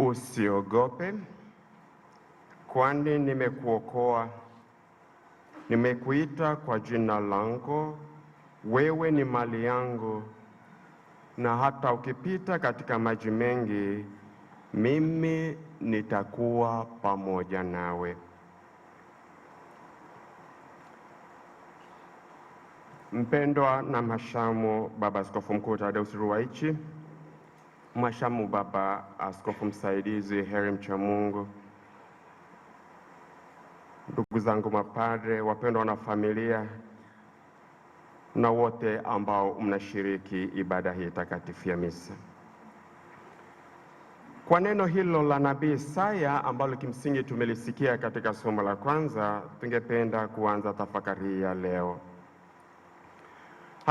Usiogope, kwani nimekuokoa, nimekuita kwa jina langu, wewe ni mali yangu, na hata ukipita katika maji mengi, mimi nitakuwa pamoja nawe. Mpendwa na mhashamu Baba Askofu Mkuu Tadeusi Ruwaichi Mwashamu Baba Askofu Msaidizi Heri Mchamungu, ndugu zangu mapadre, wapendwa wanafamilia na wote ambao mnashiriki ibada hii takatifu ya misa. Kwa neno hilo la nabii Isaya ambalo kimsingi tumelisikia katika somo la kwanza, tungependa kuanza tafakari ya leo.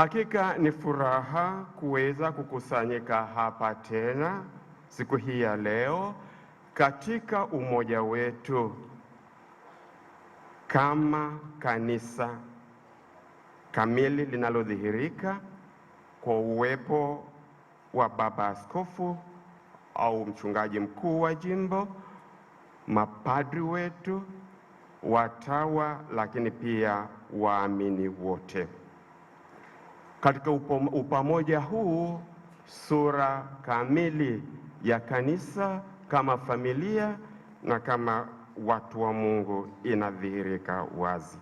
Hakika ni furaha kuweza kukusanyika hapa tena siku hii ya leo katika umoja wetu kama kanisa kamili linalodhihirika kwa uwepo wa baba askofu au mchungaji mkuu wa jimbo, mapadri wetu, watawa, lakini pia waamini wote. Katika upamoja huu, sura kamili ya kanisa kama familia na kama watu wa Mungu inadhihirika wazi.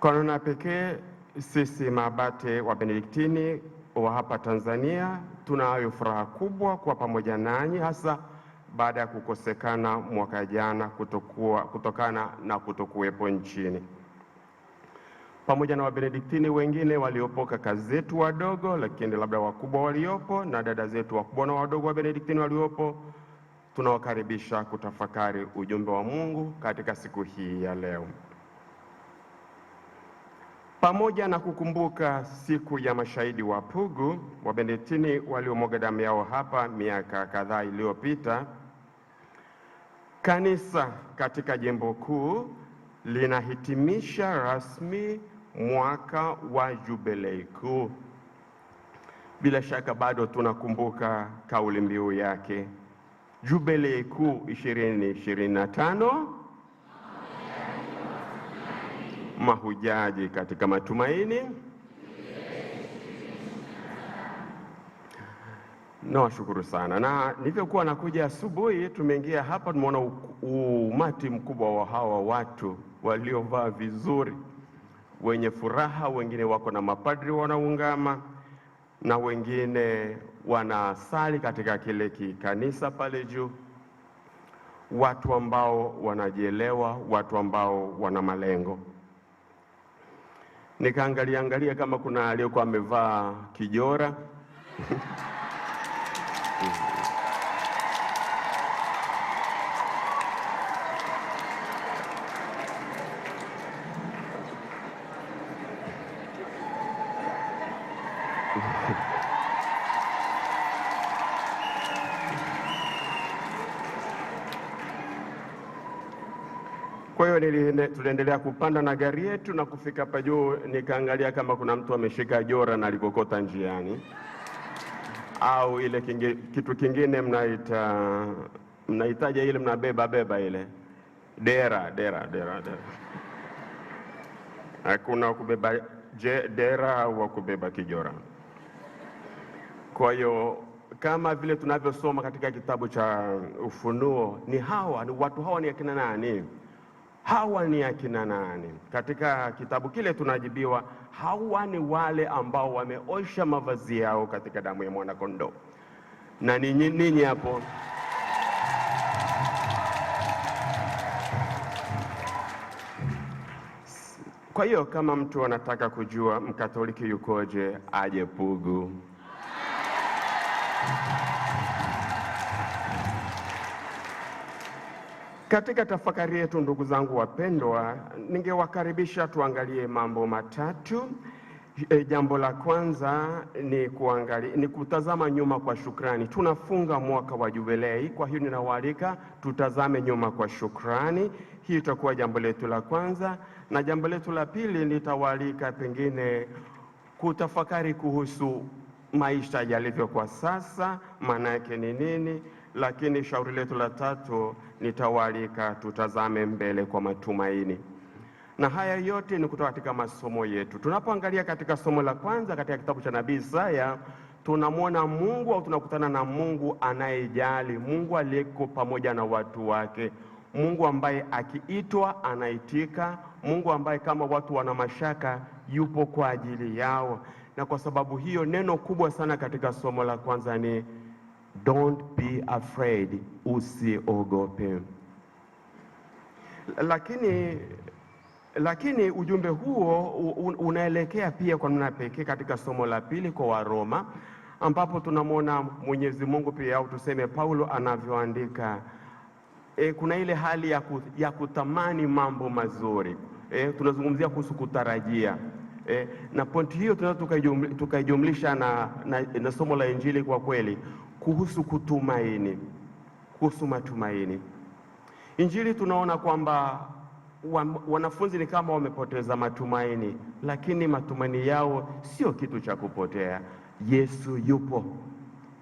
Kwa namna pekee, sisi maabate wa Benediktini wa hapa Tanzania tunayo furaha kubwa kuwa pamoja nanyi, hasa baada ya kukosekana mwaka jana kutokana na kutokuwepo nchini pamoja na Wabenediktini wengine waliopo, kaka zetu wadogo, lakini labda wakubwa waliopo, na dada zetu wakubwa na wadogo wa Benediktini waliopo, tunawakaribisha kutafakari ujumbe wa Mungu katika siku hii ya leo, pamoja na kukumbuka siku ya mashahidi wa Pugu, Wabenediktini waliomwaga damu yao hapa miaka kadhaa iliyopita. Kanisa katika jimbo kuu linahitimisha rasmi mwaka wa jubilei kuu. Bila shaka bado tunakumbuka kauli mbiu yake, jubilei kuu 2025 mahujaji katika matumaini. Nawashukuru sana, na nilivyokuwa nakuja asubuhi, tumeingia hapa, tumeona umati mkubwa wa hawa watu waliovaa vizuri wenye furaha, wengine wako na mapadri wanaungama na wengine wanasali katika kile kikanisa pale juu, watu ambao wanajielewa, watu ambao wana malengo. Nikaangalia angalia kama kuna aliyokuwa amevaa kijora tuliendelea kupanda na gari yetu na kufika hapa juu, nikaangalia kama kuna mtu ameshika jora na alikokota njiani au ile kingi, kitu kingine mnaita mnahitaja ile mnabeba beba ile dera dera dera dera. Hakuna wakubeba je dera au wakubeba kijora. Kwa hiyo kama vile tunavyosoma katika kitabu cha Ufunuo, ni hawa ni watu hawa ni akina nani? hawa ni akina nani? Katika kitabu kile tunajibiwa, hawa ni wale ambao wameosha mavazi yao katika damu ya mwanakondoo. Na ninyi ninyi hapo Kwa hiyo kama mtu anataka kujua Mkatoliki yukoje, aje Pugu. Katika tafakari yetu, ndugu zangu wapendwa, ningewakaribisha tuangalie mambo matatu. E, jambo la kwanza ni kuangalia, ni kutazama nyuma kwa shukrani. Tunafunga mwaka wa jubilei, kwa hiyo ninawaalika tutazame nyuma kwa shukrani. Hii itakuwa jambo letu la kwanza, na jambo letu la pili nitawaalika pengine kutafakari kuhusu maisha yalivyo kwa sasa, maana yake ni nini, lakini shauri letu la tatu nitawalika tutazame mbele kwa matumaini. Na haya yote ni kutoka katika masomo yetu. Tunapoangalia katika somo la kwanza katika kitabu cha nabii Isaya, tunamwona Mungu au tunakutana na Mungu anayejali, Mungu aliyeko pamoja na watu wake, Mungu ambaye akiitwa anaitika, Mungu ambaye kama watu wana mashaka yupo kwa ajili yao. Na kwa sababu hiyo neno kubwa sana katika somo la kwanza ni Don't be afraid, usiogope. Lakini lakini ujumbe huo unaelekea pia kwa namna pekee katika somo la pili kwa Waroma, ambapo tunamwona Mwenyezi Mungu pia au tuseme Paulo anavyoandika e, kuna ile hali ya, ku, ya kutamani mambo mazuri e, tunazungumzia kuhusu kutarajia e, na pointi hiyo tunaweza tukaijumlisha na, na, na somo la Injili kwa kweli kuhusu kutumaini, kuhusu matumaini. Injili tunaona kwamba wanafunzi ni kama wamepoteza matumaini, lakini matumaini yao sio kitu cha kupotea. Yesu yupo,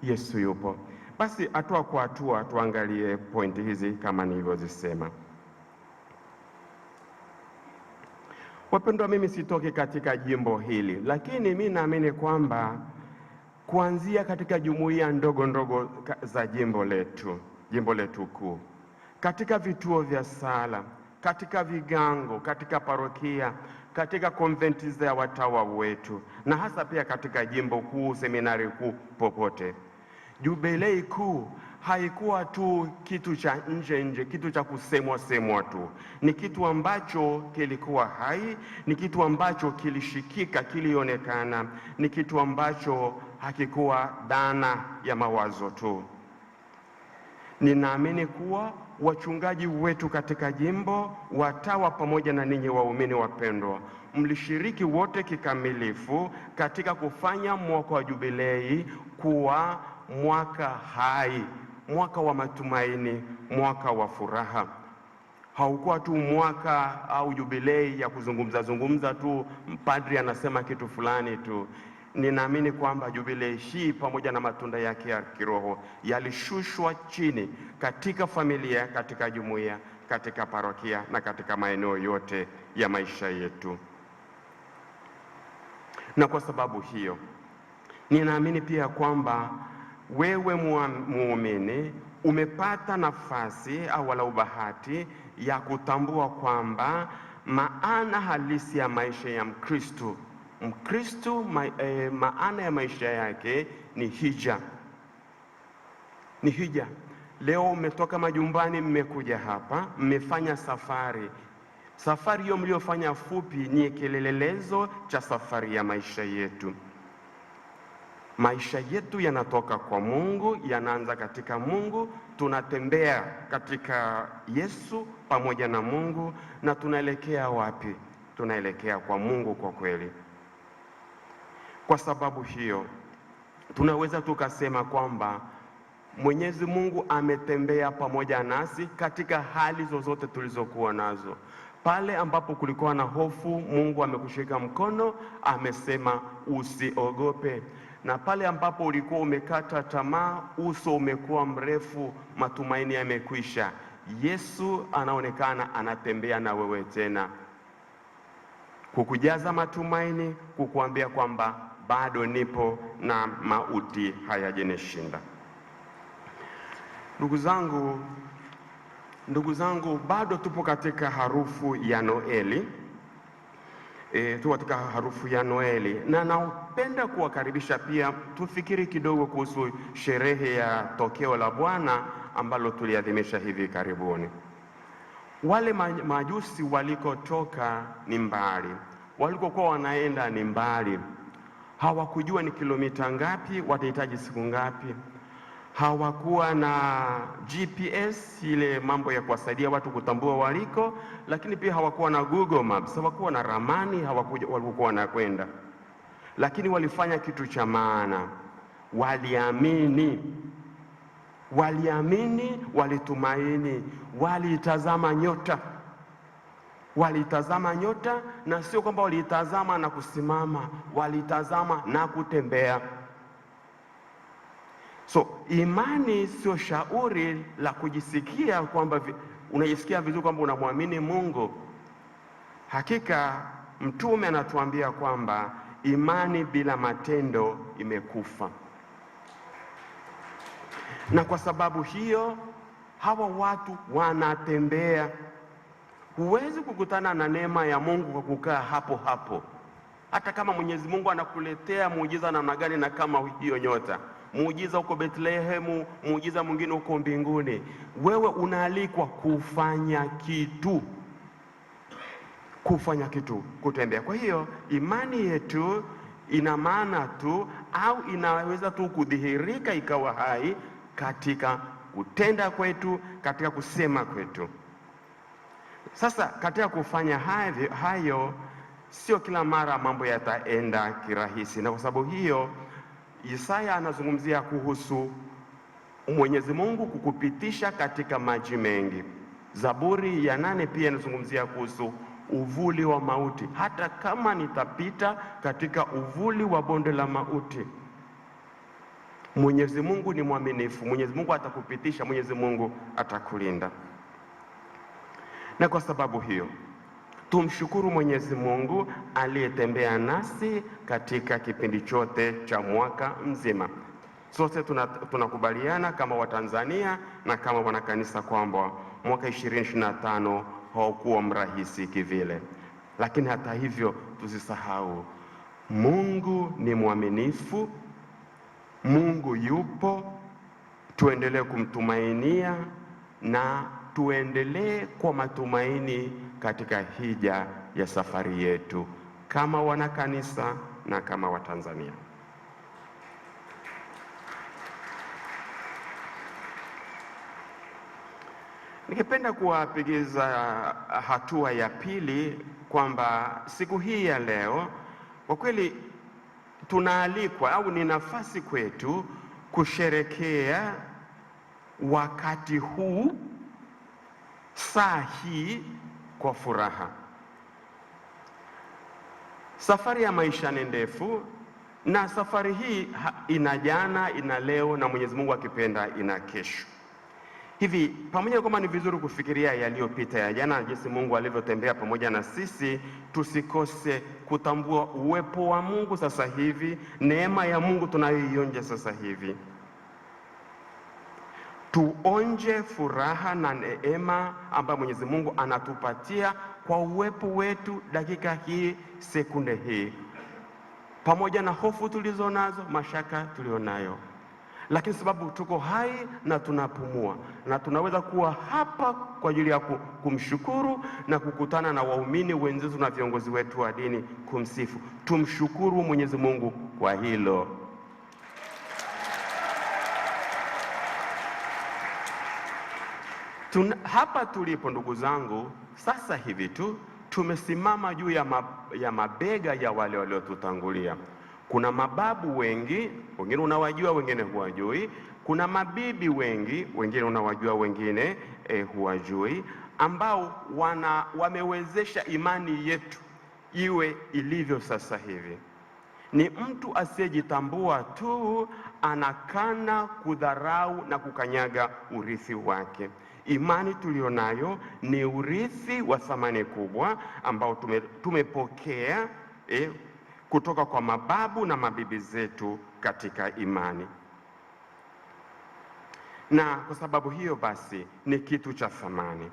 Yesu yupo. Basi hatua kwa hatua tuangalie pointi hizi kama nilivyozisema. Wapendwa, mimi sitoki katika jimbo hili, lakini mi naamini kwamba kuanzia katika jumuiya ndogo ndogo za jimbo letu, jimbo letu kuu, katika vituo vya sala, katika vigango, katika parokia, katika konventi za watawa wetu, na hasa pia katika jimbo kuu, seminari kuu, popote. Jubilei kuu haikuwa tu kitu cha nje nje, kitu cha kusemwa semwa tu. Ni kitu ambacho kilikuwa hai, ni kitu ambacho kilishikika, kilionekana, ni kitu ambacho hakikuwa dhana ya mawazo tu. Ninaamini kuwa wachungaji wetu katika jimbo, watawa, pamoja na ninyi waumini wapendwa, mlishiriki wote kikamilifu katika kufanya mwaka wa Jubilei kuwa mwaka hai, mwaka wa matumaini, mwaka wa furaha. Haukuwa tu mwaka au jubilei ya kuzungumza zungumza tu, mpadri anasema kitu fulani tu. Ninaamini kwamba jubilei hii pamoja na matunda yake ya kiroho yalishushwa chini katika familia, katika jumuiya, katika parokia na katika maeneo yote ya maisha yetu. Na kwa sababu hiyo, ninaamini pia kwamba wewe muumini umepata nafasi au walau bahati ya kutambua kwamba maana halisi ya maisha ya Mkristo Mkristo ma, e, maana ya maisha yake ni hija, ni hija. Leo umetoka majumbani, mmekuja hapa, mmefanya safari. Safari hiyo mliofanya fupi ni kielelezo cha safari ya maisha yetu. Maisha yetu yanatoka kwa Mungu, yanaanza katika Mungu, tunatembea katika Yesu pamoja na Mungu, na tunaelekea wapi? Tunaelekea kwa Mungu kwa kweli. Kwa sababu hiyo tunaweza tukasema kwamba Mwenyezi Mungu ametembea pamoja nasi katika hali zozote tulizokuwa nazo. Pale ambapo kulikuwa na hofu, Mungu amekushika mkono, amesema usiogope. Na pale ambapo ulikuwa umekata tamaa, uso umekuwa mrefu, matumaini yamekwisha. Yesu anaonekana anatembea na wewe tena, kukujaza matumaini, kukuambia kwamba bado nipo na mauti hayajanishinda. Ndugu zangu, ndugu zangu, bado tupo katika harufu ya Noeli. E, tu katika harufu ya Noeli na napenda kuwakaribisha pia tufikiri kidogo kuhusu sherehe ya tokeo la Bwana ambalo tuliadhimisha hivi karibuni. Wale majusi walikotoka ni mbali, walikokuwa wanaenda ni mbali, hawakujua ni kilomita ngapi, watahitaji siku ngapi, hawakuwa na GPS ile mambo ya kuwasaidia watu kutambua waliko, lakini pia hawakuwa na Google Maps, hawakuwa na ramani, hawakuwa kwenda. lakini walifanya kitu cha maana, waliamini waliamini walitumaini, walitazama nyota. Walitazama nyota, na sio kwamba walitazama na kusimama, walitazama na kutembea. So imani sio shauri la kujisikia kwamba unajisikia vizuri kwamba unamwamini Mungu. Hakika mtume anatuambia kwamba imani bila matendo imekufa, na kwa sababu hiyo hawa watu wanatembea Huwezi kukutana na neema ya Mungu kwa kukaa hapo hapo, hata kama Mwenyezi Mungu anakuletea muujiza namna gani, na kama hiyo nyota, muujiza huko betlehemu muujiza mwingine huko mbinguni, wewe unaalikwa kufanya kitu kufanya kitu, kutembea. Kwa hiyo imani yetu ina maana tu au inaweza tu kudhihirika ikawa hai katika kutenda kwetu, katika kusema kwetu. Sasa katika kufanya hayo, hayo sio kila mara mambo yataenda kirahisi, na kwa sababu hiyo Isaya anazungumzia kuhusu Mwenyezi Mungu kukupitisha katika maji mengi. Zaburi ya nane pia inazungumzia kuhusu uvuli wa mauti, hata kama nitapita katika uvuli wa bonde la mauti, Mwenyezi Mungu ni mwaminifu. Mwenyezi Mungu atakupitisha, Mwenyezi Mungu atakulinda. Na kwa sababu hiyo tumshukuru Mwenyezi Mungu aliyetembea nasi katika kipindi chote cha mwaka mzima. Sote tunakubaliana tuna kama Watanzania na kama wanakanisa kwamba mwaka 2025 haukuwa mrahisi kivile, lakini hata hivyo tusisahau, Mungu ni mwaminifu, Mungu yupo, tuendelee kumtumainia na tuendelee kwa matumaini katika hija ya safari yetu kama wanakanisa na kama Watanzania. Ningependa kuwapigiza hatua ya pili kwamba siku hii ya leo kwa kweli tunaalikwa au ni nafasi kwetu kusherekea wakati huu saa hii kwa furaha. Safari ya maisha ni ndefu, na safari hii ina jana, ina leo, na Mwenyezi Mungu akipenda ina kesho. Hivi pamoja na kwamba ni vizuri kufikiria yaliyopita ya jana, jinsi Mungu alivyotembea pamoja na sisi, tusikose kutambua uwepo wa Mungu sasa hivi, neema ya Mungu tunayoionja sasa hivi tuonje furaha na neema ambayo Mwenyezi Mungu anatupatia kwa uwepo wetu dakika hii, sekunde hii, pamoja na hofu tulizo nazo mashaka tulionayo, lakini sababu tuko hai na tunapumua na tunaweza kuwa hapa kwa ajili ya kumshukuru na kukutana na waumini wenzetu na viongozi wetu wa dini kumsifu. Tumshukuru Mwenyezi Mungu kwa hilo. Tun, hapa tulipo ndugu zangu, sasa hivi tu tumesimama juu ya, ma, ya mabega ya wale waliotutangulia. Kuna mababu wengi, wengine unawajua, wengine huwajui. Kuna mabibi wengi, wengine unawajua, wengine eh, huwajui, ambao wana, wamewezesha imani yetu iwe ilivyo sasa hivi. Ni mtu asiyejitambua tu anakana kudharau na kukanyaga urithi wake. Imani tuliyonayo ni urithi wa thamani kubwa ambao tume, tumepokea eh, kutoka kwa mababu na mabibi zetu katika imani, na kwa sababu hiyo basi ni kitu cha thamani.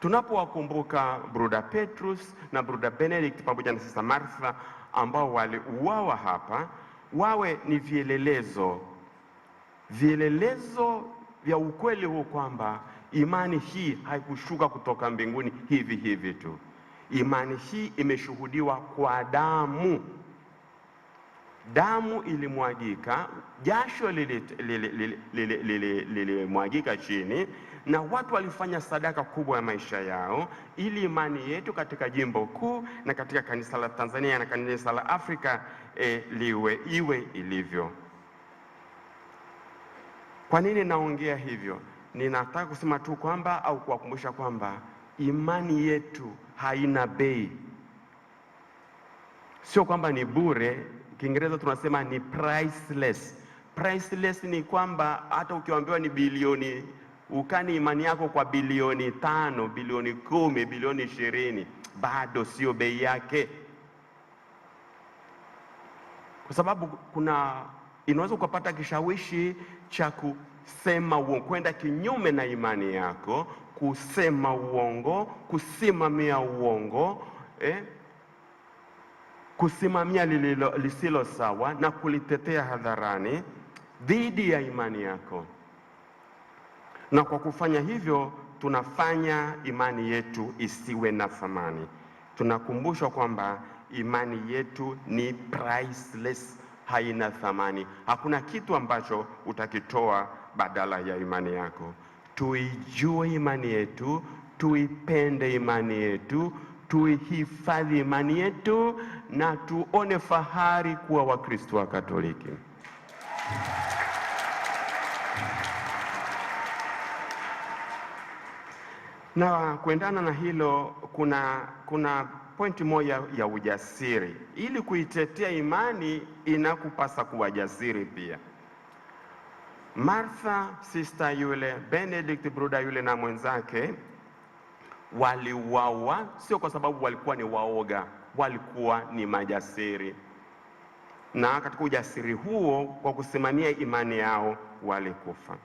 Tunapowakumbuka Bruda Petrus na Bruda Benedict pamoja na Sister Martha ambao waliuawa hapa, wawe ni vielelezo vielelezo vya ukweli huu kwamba Imani hii haikushuka kutoka mbinguni hivi hivi tu. Imani hii imeshuhudiwa kwa damu. Damu ilimwagika, jasho lilimwagika chini, na watu walifanya sadaka kubwa ya maisha yao, ili imani yetu katika jimbo kuu na katika kanisa la Tanzania na kanisa la Afrika e, liwe iwe ilivyo. Kwa nini naongea hivyo? Ninataka kusema tu kwamba au kuwakumbusha kwamba imani yetu haina bei, sio kwamba ni bure. Kiingereza tunasema ni priceless. Priceless ni kwamba hata ukiambiwa ni bilioni, ukani imani yako kwa bilioni tano, bilioni kumi, bilioni ishirini, bado sio bei yake, kwa sababu kuna inaweza ukapata kishawishi cha sema uongo, kwenda kinyume na imani yako, kusema uongo, kusimamia uongo eh, kusimamia lililo, lisilo sawa na kulitetea hadharani dhidi ya imani yako. Na kwa kufanya hivyo tunafanya imani yetu isiwe na thamani. Tunakumbushwa kwamba imani yetu ni priceless, haina thamani. Hakuna kitu ambacho utakitoa badala ya imani yako. Tuijue imani yetu, tuipende imani yetu, tuihifadhi imani yetu, na tuone fahari kuwa Wakristo wa Katoliki. Na kuendana na hilo, kuna kuna pointi moja ya ujasiri. Ili kuitetea imani, inakupasa kuwa jasiri pia. Martha sista yule, Benedict brother yule na mwenzake waliuawa, sio kwa sababu walikuwa ni waoga, walikuwa ni majasiri, na katika ujasiri huo kwa kusimamia imani yao walikufa.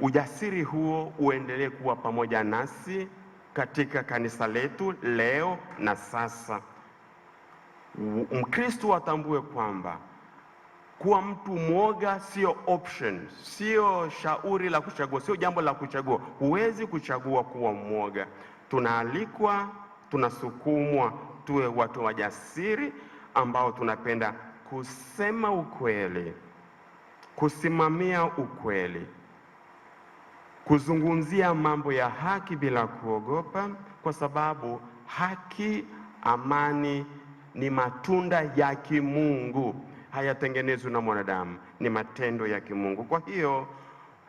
Ujasiri huo uendelee kuwa pamoja nasi katika kanisa letu leo na sasa. Mkristo atambue kwamba kuwa mtu mwoga sio option, sio shauri la kuchagua, sio jambo la kuchagua. Huwezi kuchagua kuwa mwoga. Tunaalikwa, tunasukumwa tuwe watu wajasiri ambao tunapenda kusema ukweli, kusimamia ukweli, kuzungumzia mambo ya haki bila kuogopa, kwa sababu haki, amani ni matunda ya kimungu hayatengenezwi na mwanadamu, ni matendo ya Kimungu. Kwa hiyo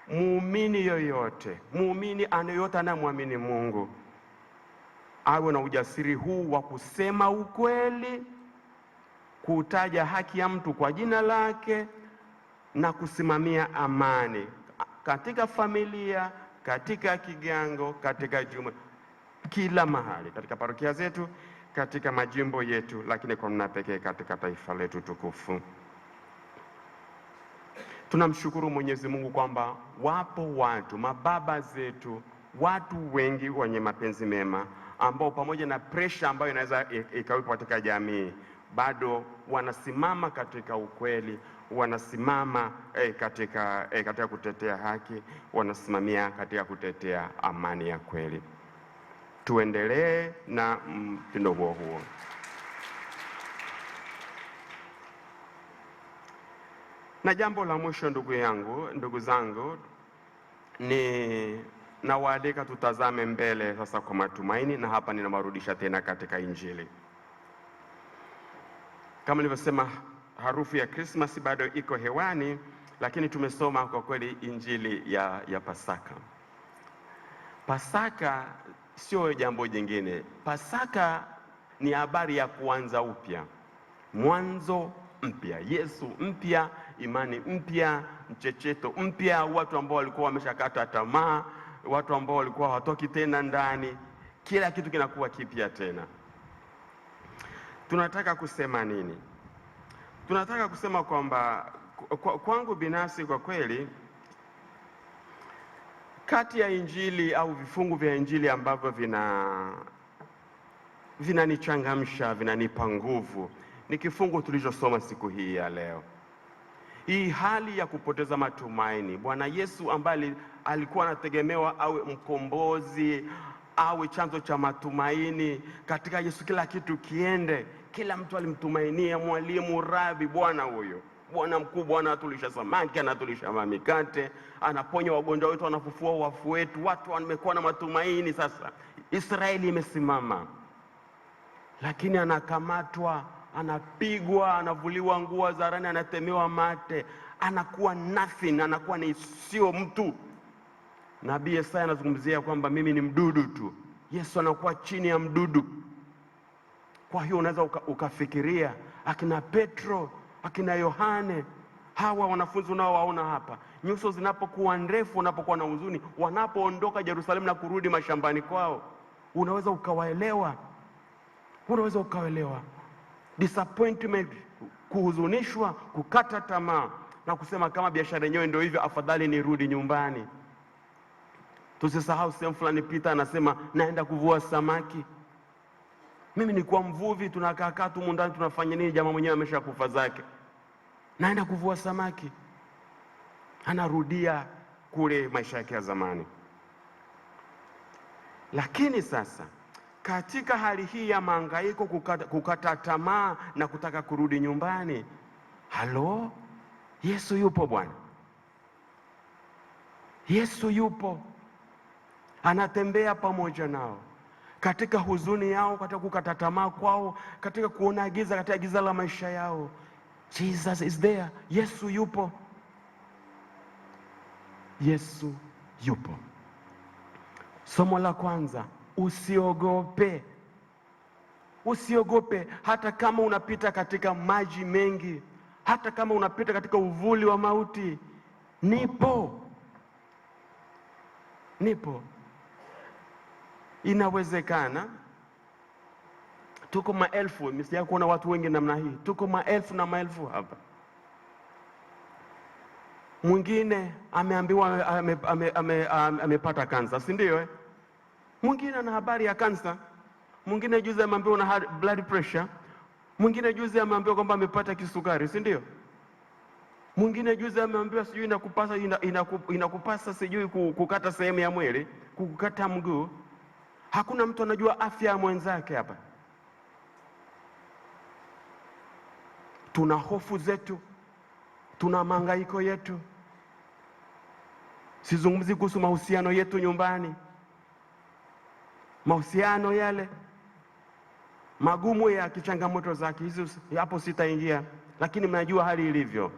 muumini yoyote, muumini anayeyote anayemwamini Mungu awe na ujasiri huu wa kusema ukweli, kutaja haki ya mtu kwa jina lake na kusimamia amani katika familia, katika kigango, katika jumuiya, kila mahali, katika parokia zetu katika majimbo yetu, lakini kwa namna pekee katika taifa letu tukufu. Tunamshukuru Mwenyezi Mungu kwamba wapo watu mababa zetu, watu wengi wenye mapenzi mema ambao pamoja na presha ambayo inaweza ikawepo katika jamii bado wanasimama katika ukweli, wanasimama eh, katika, eh, katika kutetea haki, wanasimamia katika kutetea amani ya kweli tuendelee na mtindo huo huo. Na jambo la mwisho, ndugu yangu, ndugu zangu, ni nawaalika tutazame mbele sasa kwa matumaini, na hapa ninawarudisha tena katika Injili. Kama nilivyosema, harufu ya Krismasi bado iko hewani, lakini tumesoma kwa kweli Injili ya, ya Pasaka. Pasaka sio jambo jingine. Pasaka ni habari ya kuanza upya, mwanzo mpya, Yesu mpya, imani mpya, mchecheto mpya, watu ambao walikuwa wameshakata tamaa, watu ambao walikuwa hawatoki tena ndani, kila kitu kinakuwa kipya tena. Tunataka kusema nini? Tunataka kusema kwamba kwangu binafsi kwa kweli kati ya injili au vifungu vya injili ambavyo vina vinanichangamsha vinanipa nguvu ni kifungu tulichosoma siku hii ya leo, hii hali ya kupoteza matumaini. Bwana Yesu ambaye alikuwa anategemewa awe mkombozi, awe chanzo cha matumaini. Katika Yesu kila kitu kiende, kila mtu alimtumainia, mwalimu, rabi, bwana huyo, bwana mkubwa, anatulisha samaki, anatulisha mamikate anaponya wagonjwa wetu, anafufua wafu wetu. Watu wamekuwa na matumaini sasa, Israeli imesimama, lakini anakamatwa, anapigwa, anavuliwa nguo zarani, anatemewa mate, anakuwa nothing, anakuwa ni sio mtu. Nabii Yesaya anazungumzia kwamba mimi ni mdudu tu. Yesu anakuwa chini ya mdudu. Kwa hiyo unaweza uka, ukafikiria akina Petro akina Yohane hawa wanafunzi unaowaona hapa nyuso zinapokuwa ndefu, wanapokuwa na huzuni, wanapoondoka Yerusalemu na kurudi mashambani kwao, unaweza ukawaelewa, unaweza ukawaelewa disappointment, kuhuzunishwa, kukata tamaa na kusema kama biashara yenyewe ndio hivyo, afadhali nirudi nyumbani. Tusisahau sehemu fulani, Pita anasema naenda kuvua samaki, mimi ni kwa mvuvi, tunakaakaa tu mundani, tunafanya nini? Jamaa mwenyewe ameshakufa zake, naenda kuvua samaki anarudia kule maisha yake ya zamani. Lakini sasa katika hali hii ya mahangaiko, kukata, kukata tamaa na kutaka kurudi nyumbani, halo, Yesu yupo bwana. Yesu yupo anatembea pamoja nao katika huzuni yao, katika kukata tamaa kwao, katika kuona giza, katika giza la maisha yao. Jesus is there. Yesu yupo. Yesu yupo. Somo la kwanza, usiogope. Usiogope hata kama unapita katika maji mengi, hata kama unapita katika uvuli wa mauti, nipo, nipo. Inawezekana tuko maelfu, msija kuona watu wengi namna hii, tuko maelfu na maelfu hapa mwingine ameambiwa amepata ame, ame, ame, ame kansa, si ndio eh? Mwingine ana habari ya kansa, mwingine juzi ameambiwa na blood pressure, mwingine juzi ameambiwa kwamba amepata kisukari, si ndio? Mwingine juzi ameambiwa sijui inakupasa, ina, inakupasa sijui kukata sehemu ya mwili, kukata mguu. Hakuna mtu anajua afya ya mwenzake hapa. Tuna hofu zetu, tuna mahangaiko yetu. Sizungumzi kuhusu mahusiano yetu nyumbani, mahusiano yale magumu ya kichangamoto zake hizo, hapo sitaingia, lakini mnajua hali ilivyo.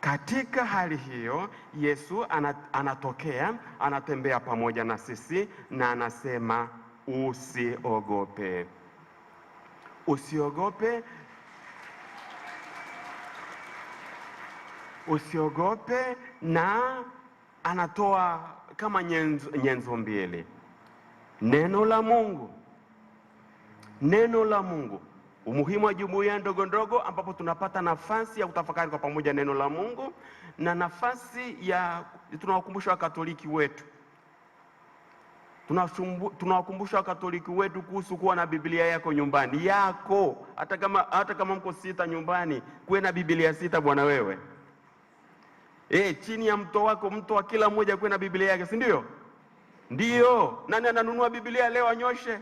Katika hali hiyo Yesu anatokea, anatembea pamoja na sisi na anasema usiogope, usiogope. usiogope, na anatoa kama nyenzo, nyenzo mbili, neno la Mungu, neno la Mungu umuhimu wa jumuiya ndogo ndogo ambapo tunapata nafasi ya kutafakari kwa pamoja neno la Mungu na nafasi ya tunawakumbusha Wakatoliki wetu tunawakumbusha Wakatoliki wetu kuhusu kuwa na Biblia yako nyumbani yako, hata kama, hata kama mko sita nyumbani, kuwe na Biblia sita bwana wewe. E, chini ya mto wako, mto wa kila mmoja na Biblia yake, si ndio? Ndio. Nani ananunua Biblia leo anyoshe?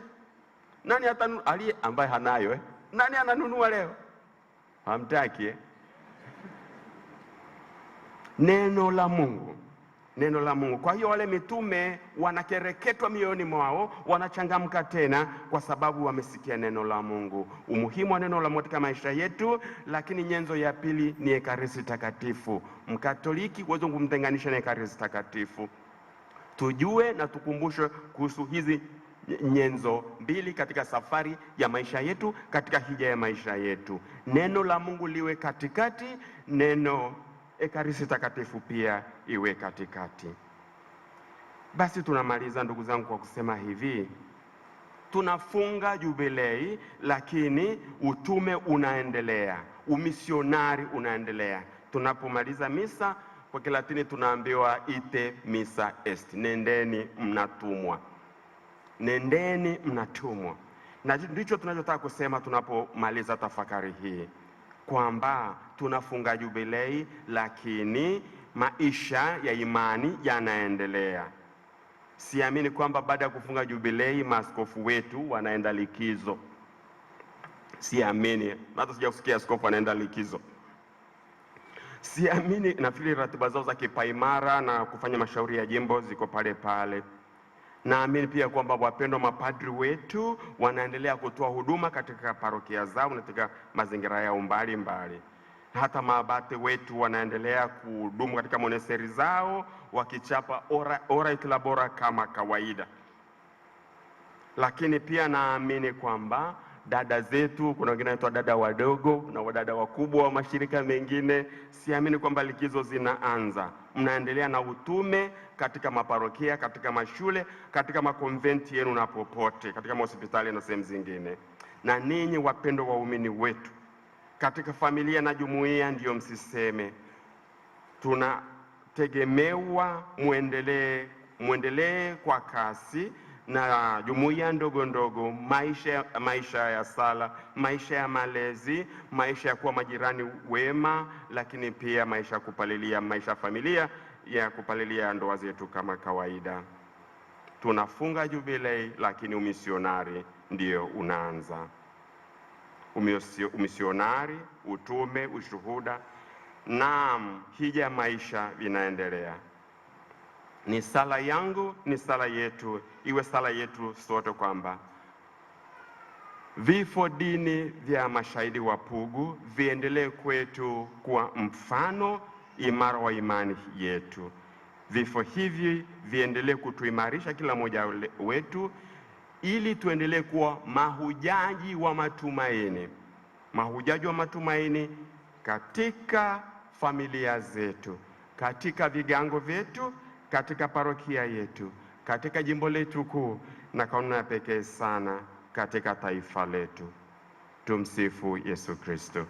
Nani atanu Aliye ambaye hanayo eh? Nani ananunua leo? Hamtaki eh? Neno la Mungu neno la Mungu. Kwa hiyo wale mitume wanakereketwa mioyoni mwao, wanachangamka tena, kwa sababu wamesikia neno la Mungu. Umuhimu wa neno la Mungu katika maisha yetu. Lakini nyenzo ya pili ni ekaristi takatifu. Mkatoliki huwezi kumtenganisha na ekaristi takatifu. Tujue na tukumbushwe kuhusu hizi nyenzo mbili katika safari ya maisha yetu, katika hija ya maisha yetu. Neno la Mungu liwe katikati, neno ekaristi takatifu pia iwe katikati. Basi tunamaliza ndugu zangu kwa kusema hivi, tunafunga jubilei, lakini utume unaendelea, umisionari unaendelea. Tunapomaliza misa kwa Kilatini tunaambiwa ite missa est, nendeni mnatumwa, nendeni mnatumwa. Na ndicho tunachotaka kusema tunapomaliza tafakari hii kwamba tunafunga jubilei, lakini maisha ya imani yanaendelea. Siamini kwamba baada ya kufunga jubilei maaskofu wetu wanaenda likizo. Siamini, hata sijakusikia askofu anaenda likizo. Siamini. Nafikiri ratiba zao za kipaimara na kufanya mashauri ya jimbo ziko pale pale. Naamini pia kwamba wapendwa mapadri wetu wanaendelea kutoa huduma katika parokia zao na katika mazingira yao mbalimbali. Hata maabate wetu wanaendelea kuhudumu katika monasteri zao wakichapa ora, ora et labora kama kawaida, lakini pia naamini kwamba dada zetu, kuna wengine wanaitwa dada wadogo na wadada wakubwa wa mashirika mengine. Siamini kwamba likizo zinaanza, mnaendelea na utume katika maparokia, katika mashule, katika makonventi yenu na popote, katika mahospitali na sehemu zingine. Na ninyi wapendwa waumini wetu katika familia na jumuiya, ndiyo msiseme, tunategemewa muendelee, mwendelee kwa kasi na jumuiya ndogo ndogo, maisha, maisha ya sala, maisha ya malezi, maisha ya kuwa majirani wema, lakini pia maisha ya kupalilia, maisha ya familia ya kupalilia ndoa zetu kama kawaida. Tunafunga jubilei, lakini umisionari ndio unaanza. Umisionari, utume, ushuhuda, naam, hija, maisha vinaendelea. Ni sala yangu, ni sala yetu, iwe sala yetu sote kwamba vifo dini vya mashahidi wa Pugu viendelee kwetu kuwa mfano imara wa imani yetu. Vifo hivi viendelee kutuimarisha kila mmoja wetu, ili tuendelee kuwa mahujaji wa matumaini, mahujaji wa matumaini katika familia zetu, katika vigango vyetu katika parokia yetu, katika jimbo letu kuu, na kwa namna ya pekee sana katika taifa letu. Tumsifu Yesu Kristo.